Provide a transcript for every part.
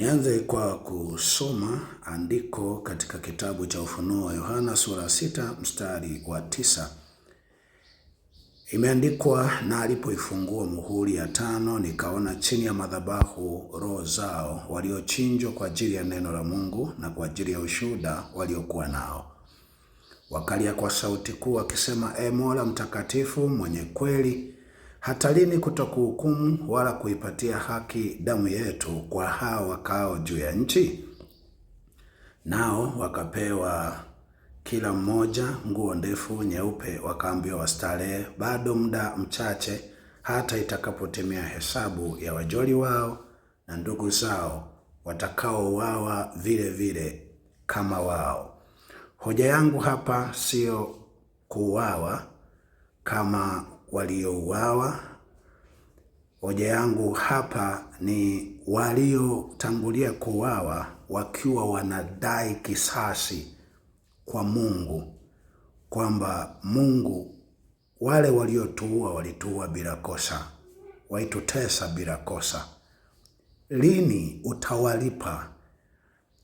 Nianze kwa kusoma andiko katika kitabu cha Ufunuo wa Yohana sura sita mstari wa tisa. Imeandikwa, na alipoifungua muhuri ya tano, nikaona chini ya madhabahu roho zao waliochinjwa kwa ajili ya neno la Mungu na kwa ajili ya ushuhuda waliokuwa nao. Wakalia kwa sauti kuu wakisema, E Mola mtakatifu, mwenye kweli hata lini kutokuhukumu wala kuipatia haki damu yetu kwa hao wakao juu ya nchi? Nao wakapewa kila mmoja nguo ndefu nyeupe, wakaambiwa wastarehe bado muda mchache, hata itakapotimia hesabu ya wajoli wao na ndugu zao watakaouawa vile vile kama wao. Hoja yangu hapa sio kuuawa kama waliouawa. Hoja yangu hapa ni waliotangulia kuuawa wakiwa wanadai kisasi kwa Mungu, kwamba Mungu, wale waliotuua walituua bila kosa, waitutesa bila kosa, lini utawalipa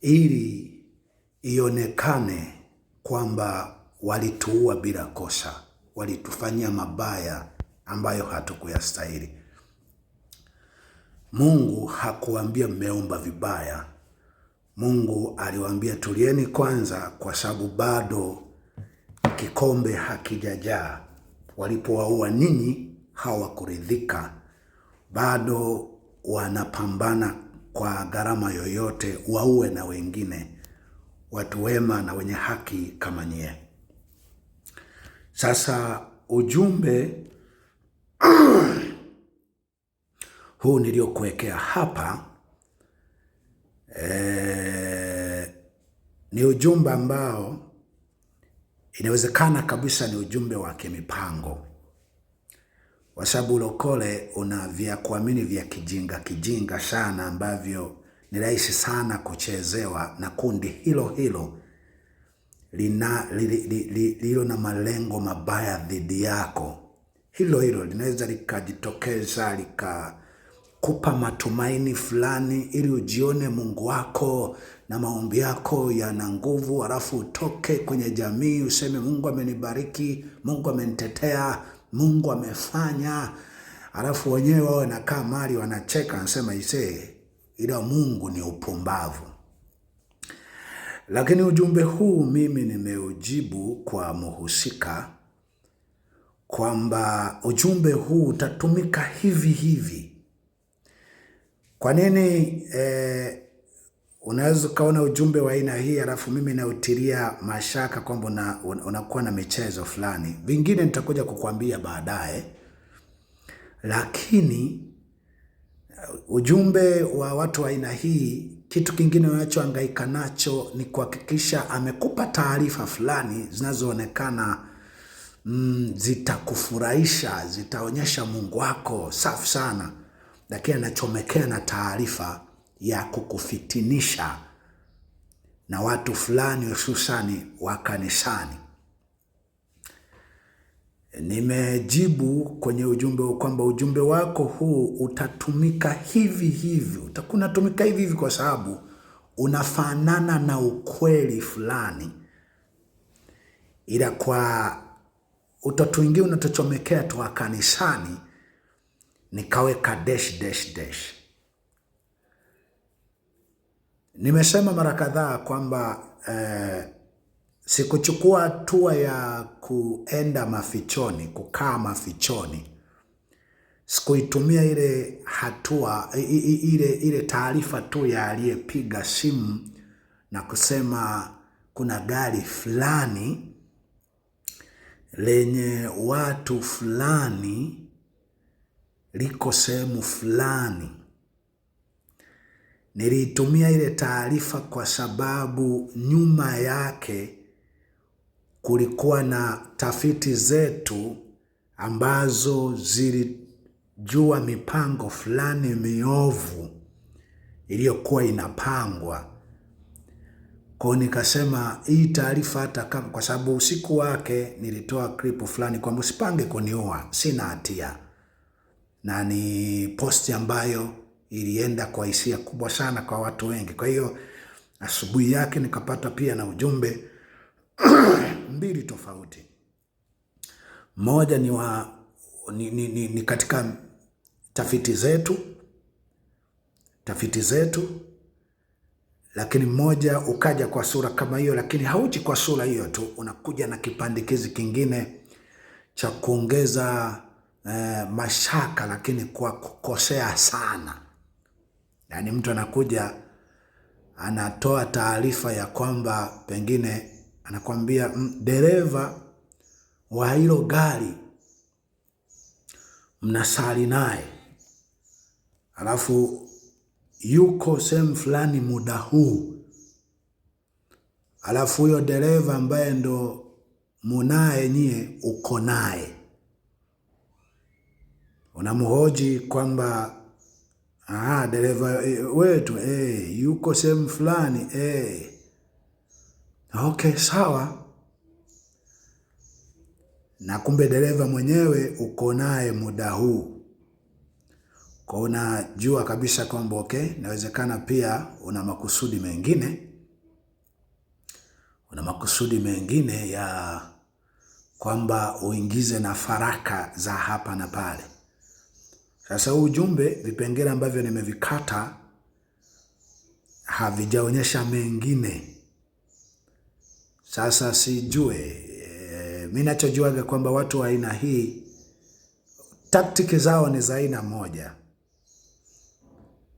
ili ionekane kwamba walituua bila kosa walitufanyia mabaya ambayo hatukuyastahili. Mungu hakuambia mmeomba vibaya. Mungu aliwaambia tulieni kwanza, kwa sababu bado kikombe hakijajaa. Walipowaua ninyi hawakuridhika, bado wanapambana kwa gharama yoyote waue na wengine, watu wema na wenye haki kama nyie. Sasa ujumbe huu niliokuwekea hapa e, ni ujumbe ambao inawezekana kabisa ni ujumbe wa kimipango, kwa sababu ulokole una vya kuamini vya kijinga kijinga sana ambavyo ni rahisi sana kuchezewa na kundi hilo hilo lina lililo li, li, li, na malengo mabaya dhidi yako, hilo hilo linaweza likajitokeza likakupa matumaini fulani, ili ujione Mungu wako na maombi yako yana nguvu, halafu utoke kwenye jamii useme, Mungu amenibariki, Mungu amenitetea, Mungu amefanya. Halafu wenyewe wao nakaa mali wanacheka, anasema isee, ila Mungu ni upumbavu. Lakini ujumbe huu mimi nimeujibu kwa muhusika kwamba ujumbe huu utatumika hivi hivi. Kwa nini eh, unaweza ukaona ujumbe wa aina hii halafu mimi nautiria mashaka kwamba unakuwa una na michezo fulani. Vingine nitakuja kukuambia baadaye, lakini eh, ujumbe wa watu wa aina hii kitu kingine unachohangaika nacho ni kuhakikisha amekupa taarifa fulani zinazoonekana mm, zitakufurahisha, zitaonyesha Mungu wako safi sana, lakini anachomekea na taarifa ya kukufitinisha na watu fulani hususani wa kanisani. Nimejibu kwenye ujumbe kwamba ujumbe wako huu utatumika hivi hivi, utakunatumika hivi hivi kwa sababu unafanana na ukweli fulani, ila kwa utoto wingi unatochomekea tu kanisani, nikaweka dash dash dash. Nimesema mara kadhaa kwamba eh, Sikuchukua hatua ya kuenda mafichoni, kukaa mafichoni. Sikuitumia ile hatua ile ile taarifa tu ya aliyepiga simu na kusema kuna gari fulani lenye watu fulani liko sehemu fulani. Niliitumia ile taarifa kwa sababu nyuma yake kulikuwa na tafiti zetu ambazo zilijua mipango fulani miovu iliyokuwa inapangwa kwao. Nikasema hii taarifa hata kama, kwa sababu usiku wake nilitoa klipu fulani kwamba usipange kuniua, sina hatia, na ni posti ambayo ilienda kwa hisia kubwa sana kwa watu wengi. Kwa hiyo asubuhi yake nikapata pia na ujumbe mbili tofauti. Moja ni, wa, ni, ni, ni, ni katika tafiti zetu tafiti zetu, lakini mmoja ukaja kwa sura kama hiyo, lakini hauji kwa sura hiyo tu, unakuja na kipandikizi kingine cha kuongeza eh, mashaka, lakini kwa kukosea sana. Yaani mtu anakuja anatoa taarifa ya kwamba pengine anakwambia dereva wa hilo gari mnasali naye, alafu yuko sehemu fulani muda huu, alafu huyo dereva ambaye ndo munaye nyie uko naye, unamhoji kwamba ah, dereva eh, wetu eh, yuko sehemu fulani eh Okay, sawa. Na kumbe dereva mwenyewe uko naye muda huu, kwa unajua kabisa kwamba okay, inawezekana pia una makusudi mengine, una makusudi mengine ya kwamba uingize na faraka za hapa na pale. Sasa huu ujumbe, vipengele ambavyo nimevikata havijaonyesha mengine sasa sijue e, eh, mi nachojuaga kwamba watu wa aina hii taktiki zao ni za aina moja.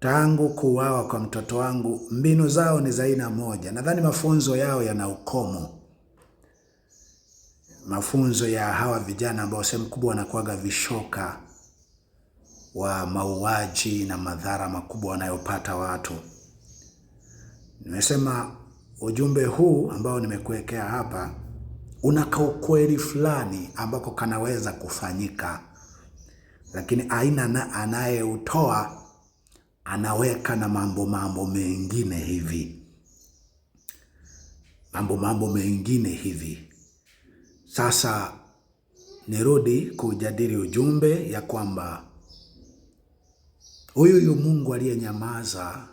Tangu kuuawa kwa mtoto wangu, mbinu zao ni za aina moja. Nadhani mafunzo yao yana ukomo, mafunzo ya hawa vijana ambao sehemu kubwa wanakuaga vishoka wa mauaji na madhara makubwa wanayopata watu. Nimesema Ujumbe huu ambao nimekuwekea hapa una kaukweli fulani ambako kanaweza kufanyika, lakini aina na anayeutoa anaweka na mambo mambo mengine hivi, mambo mambo mengine hivi. Sasa nirudi kujadili ujumbe ya kwamba huyu huyu Mungu aliyenyamaza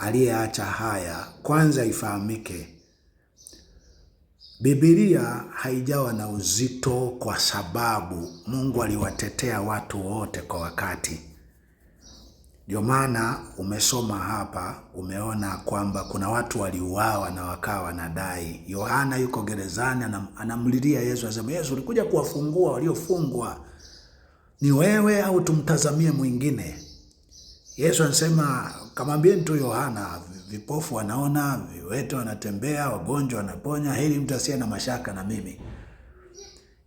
aliyeacha haya, kwanza ifahamike, Biblia haijawa na uzito kwa sababu Mungu aliwatetea watu wote kwa wakati. Ndio maana umesoma hapa, umeona kwamba kuna watu waliuawa na wakawa wanadai. Yohana yuko gerezani, anamlilia Yesu, anasema Yesu, ulikuja kuwafungua waliofungwa, ni wewe au tumtazamie mwingine? Yesu anasema Kamwambie tu Yohana, vipofu wanaona, viwete wanatembea, wagonjwa wanaponya, heri mtu asiye na mashaka na mimi.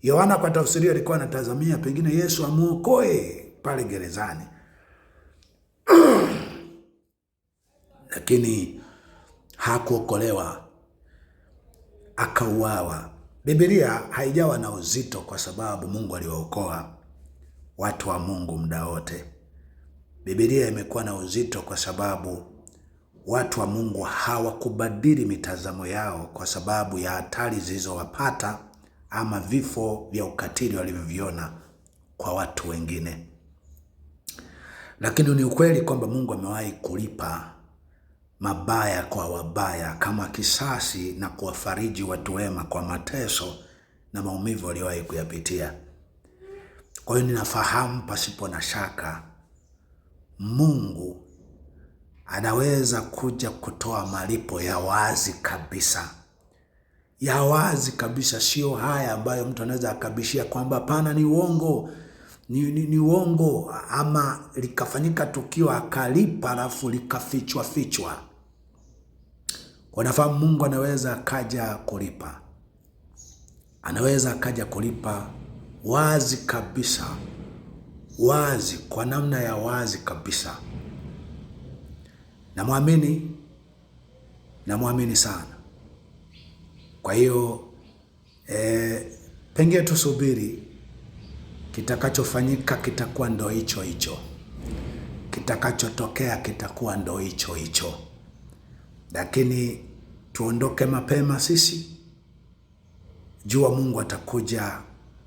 Yohana kwa tafsiri alikuwa anatazamia pengine Yesu amuokoe pale gerezani lakini hakuokolewa, akauawa. Biblia haijawa na uzito kwa sababu Mungu aliwaokoa watu wa Mungu muda wote. Biblia imekuwa na uzito kwa sababu watu wa Mungu hawakubadili mitazamo yao kwa sababu ya hatari zilizowapata ama vifo vya ukatili walivyoviona kwa watu wengine. Lakini ni ukweli kwamba Mungu amewahi kulipa mabaya kwa wabaya kama kisasi na kuwafariji watu wema kwa mateso na maumivu waliowahi kuyapitia. Kwa hiyo ninafahamu pasipo na shaka Mungu anaweza kuja kutoa malipo ya wazi kabisa, ya wazi kabisa, sio haya ambayo mtu anaweza akabishia kwamba pana ni uongo ni, ni, ni uongo ama likafanyika tukio akalipa alafu likafichwa fichwa. Wanafahamu Mungu anaweza akaja kulipa, anaweza akaja kulipa wazi kabisa wazi, kwa namna ya wazi kabisa. Namwamini, namwamini sana. Kwa hiyo eh, pengine tusubiri kitakachofanyika, kitakuwa ndo hicho hicho, kitakachotokea kitakuwa ndo hicho hicho, lakini tuondoke mapema sisi, jua Mungu atakuja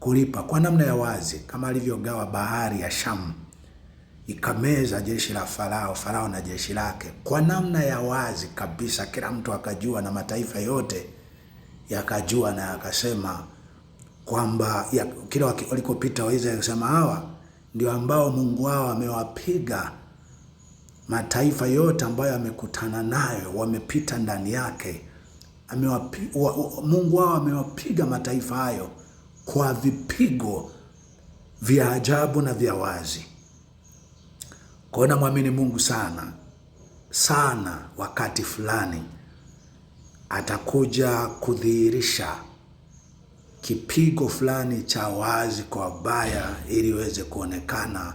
kulipa kwa namna ya wazi kama alivyogawa bahari ya Shamu ikameza jeshi la Farao, Farao na jeshi lake kwa namna ya wazi kabisa, kila mtu akajua na mataifa yote yakajua na yakasema kwamba ya, kila walikopita waweza kusema hawa ndio ambao Mungu wao amewapiga mataifa yote ambayo amekutana nayo, wamepita ndani yake, amewapi, wa, wa, Mungu wao amewapiga mataifa hayo kwa vipigo vya ajabu na vya wazi. Kwa hiyo namwamini Mungu sana sana, wakati fulani atakuja kudhihirisha kipigo fulani cha wazi kwa baya, ili iweze kuonekana.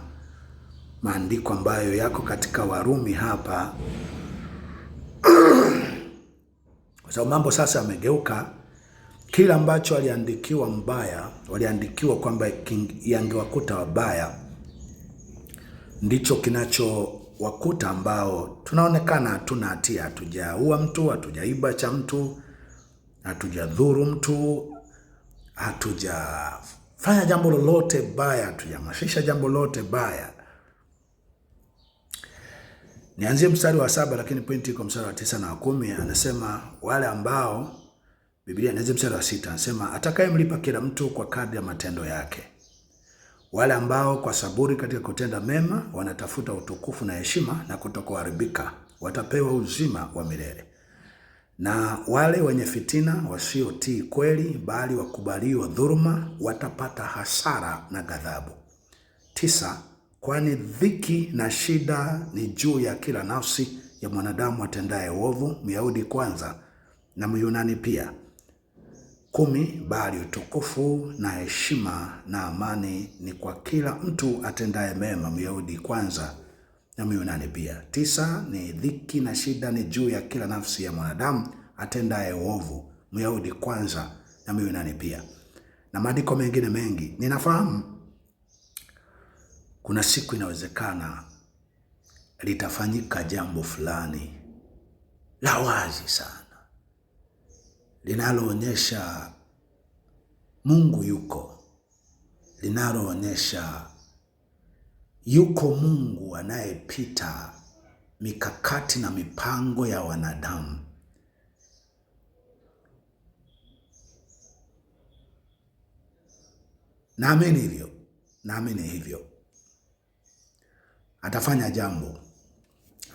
Maandiko ambayo yako katika Warumi hapa, kwa sababu mambo sasa yamegeuka kila ambacho waliandikiwa mbaya, waliandikiwa kwamba yangewakuta wabaya, ndicho kinachowakuta ambao tunaonekana hatuna hatia, hatujaua mtu, hatujaiba cha mtu, hatujadhuru mtu, hatujafanya jambo lolote baya, hatujamashisha jambo lolote baya. Nianzie mstari wa saba, lakini pointi iko mstari wa tisa na wa kumi. Anasema wale ambao Biblia inaanza mstari wa sita, anasema atakayemlipa kila mtu kwa kadri ya matendo yake. Wale ambao kwa saburi katika kutenda mema wanatafuta utukufu na heshima na kutokuharibika watapewa uzima wa milele, na wale wenye fitina wasiotii kweli, bali wakubaliwa dhuruma watapata hasara na ghadhabu. Tisa, kwani dhiki na shida ni juu ya kila nafsi ya mwanadamu atendaye uovu, Myahudi kwanza na Myunani pia kumi, bali utukufu na heshima na amani ni kwa kila mtu atendaye mema, Myahudi kwanza na Myunani pia. Tisa, ni dhiki na shida ni juu ya kila nafsi ya mwanadamu atendaye uovu, Myahudi kwanza na Myunani pia, na maandiko mengine mengi. Ninafahamu kuna siku inawezekana litafanyika jambo fulani la wazi sana linaloonyesha Mungu yuko, linaloonyesha yuko Mungu anayepita mikakati na mipango ya wanadamu. Naamini hivyo, naamini hivyo. Atafanya jambo,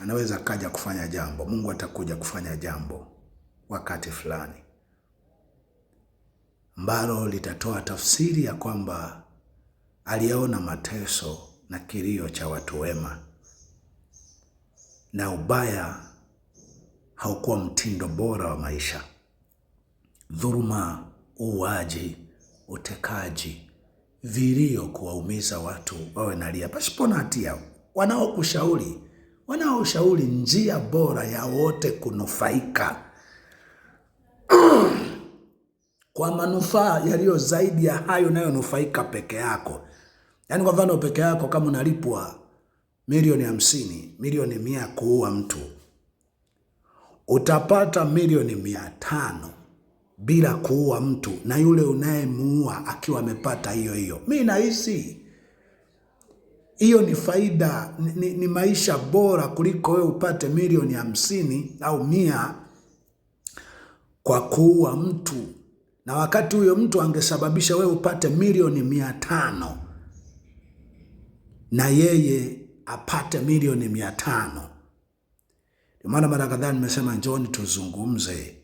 anaweza kaja kufanya jambo. Mungu atakuja kufanya jambo wakati fulani ambalo litatoa tafsiri ya kwamba aliyaona mateso na kilio cha watu wema, na ubaya haukuwa mtindo bora wa maisha. dhuruma uuaji, utekaji, vilio, kuwaumiza watu wawe nalia pasipo na hatia, wanaokushauri wanaoshauri njia bora ya wote kunufaika kwa manufaa yaliyo zaidi ya hayo unayonufaika peke yako. Yaani kwa mfano peke yako kama unalipwa milioni hamsini, milioni mia kuua mtu, utapata milioni mia tano bila kuua mtu, na yule unayemuua akiwa amepata hiyo hiyo. Mi nahisi hiyo ni faida ni, ni maisha bora kuliko wewe upate milioni hamsini au mia kwa kuua mtu na wakati huyo mtu angesababisha wewe upate milioni mia tano na yeye apate milioni mia tano. Ndio maana mara kadhaa nimesema njoni tuzungumze,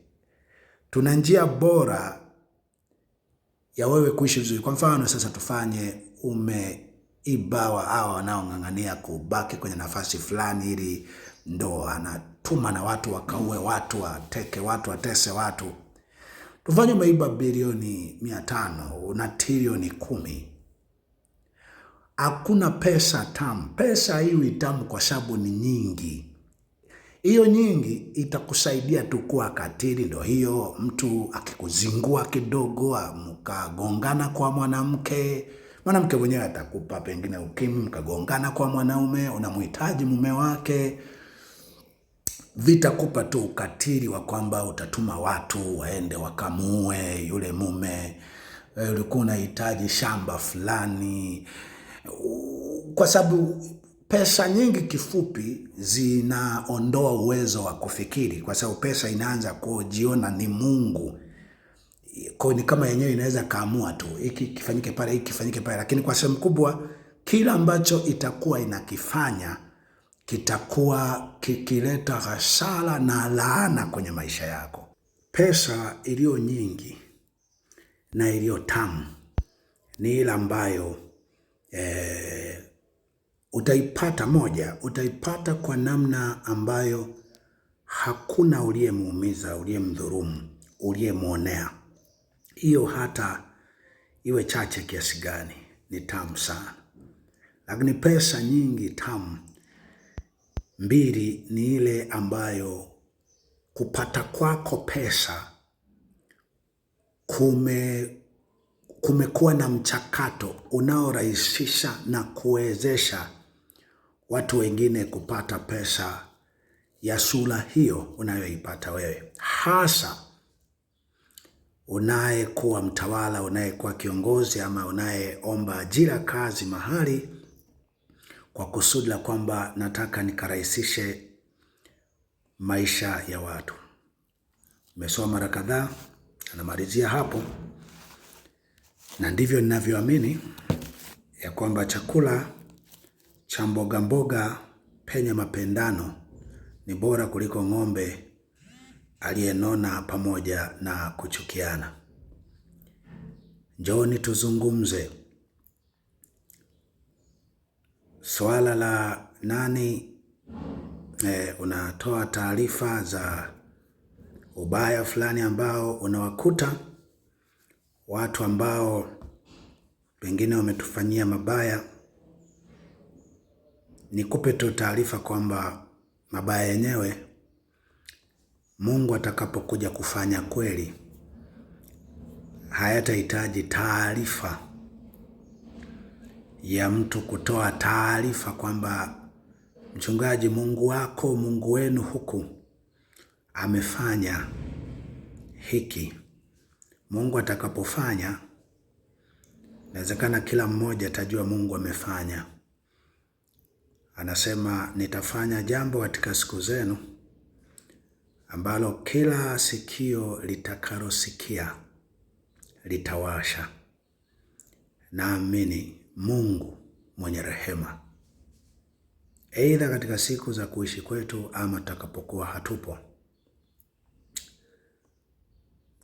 tuna njia bora ya wewe kuishi vizuri. Kwa mfano sasa, tufanye umeibawa hawa wanaong'ang'ania kubaki kwenye nafasi fulani ili ndo anatuma na watu wakaue watu, wateke watu, watese watu Tufanye umeiba bilioni mia tano na trilioni kumi, hakuna pesa tamu. Pesa hiyo itamu kwa sababu ni nyingi hiyo nyingi itakusaidia tu kuwa katili. Ndo hiyo mtu akikuzingua kidogo, mkagongana kwa mwanamke, mwanamke mwenyewe atakupa pengine ukimwi, mkagongana kwa mwanaume, unamhitaji mume wake vitakupa tu ukatili wa kwamba utatuma watu waende wakamue yule mume, eh, ulikuwa unahitaji shamba fulani, kwa sababu pesa nyingi kifupi zinaondoa uwezo wa kufikiri, kwa sababu pesa inaanza kujiona ni Mungu. Kwa ni kama yenyewe inaweza kaamua tu hiki kifanyike pale, hiki kifanyike pale, lakini kwa sehemu kubwa kila ambacho itakuwa inakifanya kitakuwa kikileta hasara na laana kwenye maisha yako. Pesa iliyo nyingi na iliyo tamu ni ile ambayo eh, utaipata moja, utaipata kwa namna ambayo hakuna uliyemuumiza, uliyemdhurumu, uliyemwonea. Hiyo hata iwe chache kiasi gani, ni tamu sana. Lakini pesa nyingi tamu Mbili ni ile ambayo kupata kwako pesa kume kumekuwa na mchakato unaorahisisha na kuwezesha watu wengine kupata pesa ya sura hiyo unayoipata wewe, hasa unayekuwa mtawala, unayekuwa kiongozi, ama unayeomba ajira kazi mahali kwa kusudi la kwamba nataka nikarahisishe maisha ya watu. Nimesoma mara kadhaa, anamalizia hapo, na ndivyo ninavyoamini ya kwamba chakula cha mboga mboga penye mapendano ni bora kuliko ng'ombe aliyenona pamoja na kuchukiana. Njooni tuzungumze. Swala la nani e, unatoa taarifa za ubaya fulani ambao unawakuta watu ambao pengine wametufanyia mabaya. Nikupe tu taarifa kwamba mabaya yenyewe Mungu atakapokuja kufanya kweli hayatahitaji taarifa ya mtu kutoa taarifa kwamba mchungaji, Mungu wako Mungu wenu huku amefanya hiki. Mungu atakapofanya, inawezekana kila mmoja atajua Mungu amefanya. Anasema, nitafanya jambo katika siku zenu ambalo kila sikio litakalosikia litawasha. Naamini Mungu mwenye rehema, aidha katika siku za kuishi kwetu ama tutakapokuwa hatupo.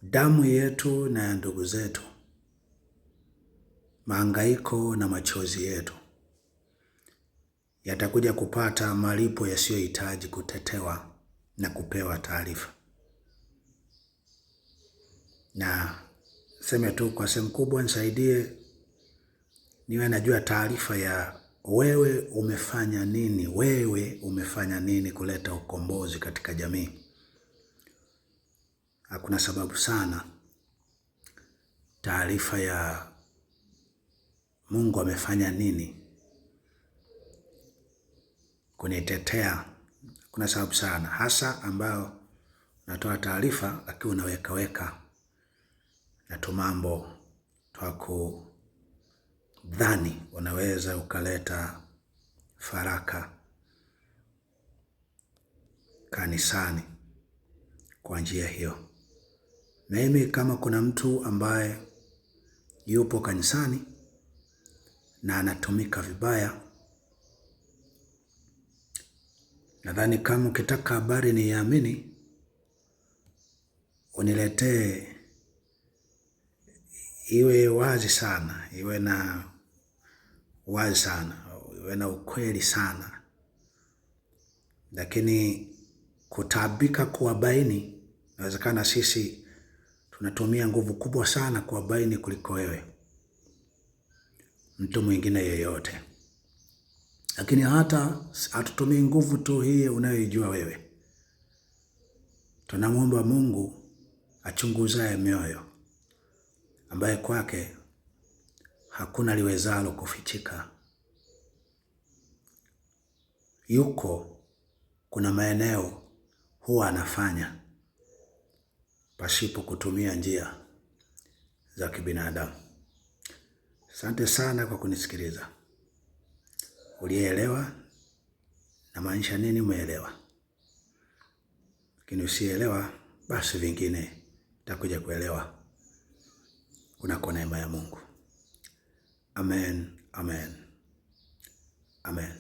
Damu yetu na ya ndugu zetu, maangaiko na machozi yetu yatakuja kupata malipo yasiyohitaji kutetewa na kupewa taarifa. Na seme tu kwa sehemu kubwa, nisaidie niwe najua taarifa ya wewe umefanya nini, wewe umefanya nini kuleta ukombozi katika jamii. Hakuna sababu sana taarifa ya Mungu amefanya nini kunitetea, Kuna sababu sana hasa ambayo natoa taarifa akiwa unawekaweka na tu mambo twaku dhani unaweza ukaleta faraka kanisani kwa njia hiyo. Mimi kama kuna mtu ambaye yupo kanisani na anatumika vibaya, nadhani kama ukitaka habari niamini, uniletee iwe wazi sana, iwe na wazi sana, iwe na ukweli sana, lakini kutaabika kuwabaini, inawezekana sisi tunatumia nguvu kubwa sana kuwabaini kuliko wewe mtu mwingine yeyote, lakini hata hatutumii nguvu tu hii unayoijua wewe. Tunamwomba Mungu achunguzaye mioyo ambaye kwake hakuna liwezalo kufichika. Yuko kuna maeneo huwa anafanya pasipo kutumia njia za kibinadamu. Asante sana kwa kunisikiliza. Uliyeelewa na maanisha nini, umeelewa. Lakini usielewa, basi vingine takuja kuelewa unako neema ya Mungu. Amen, amen, amen.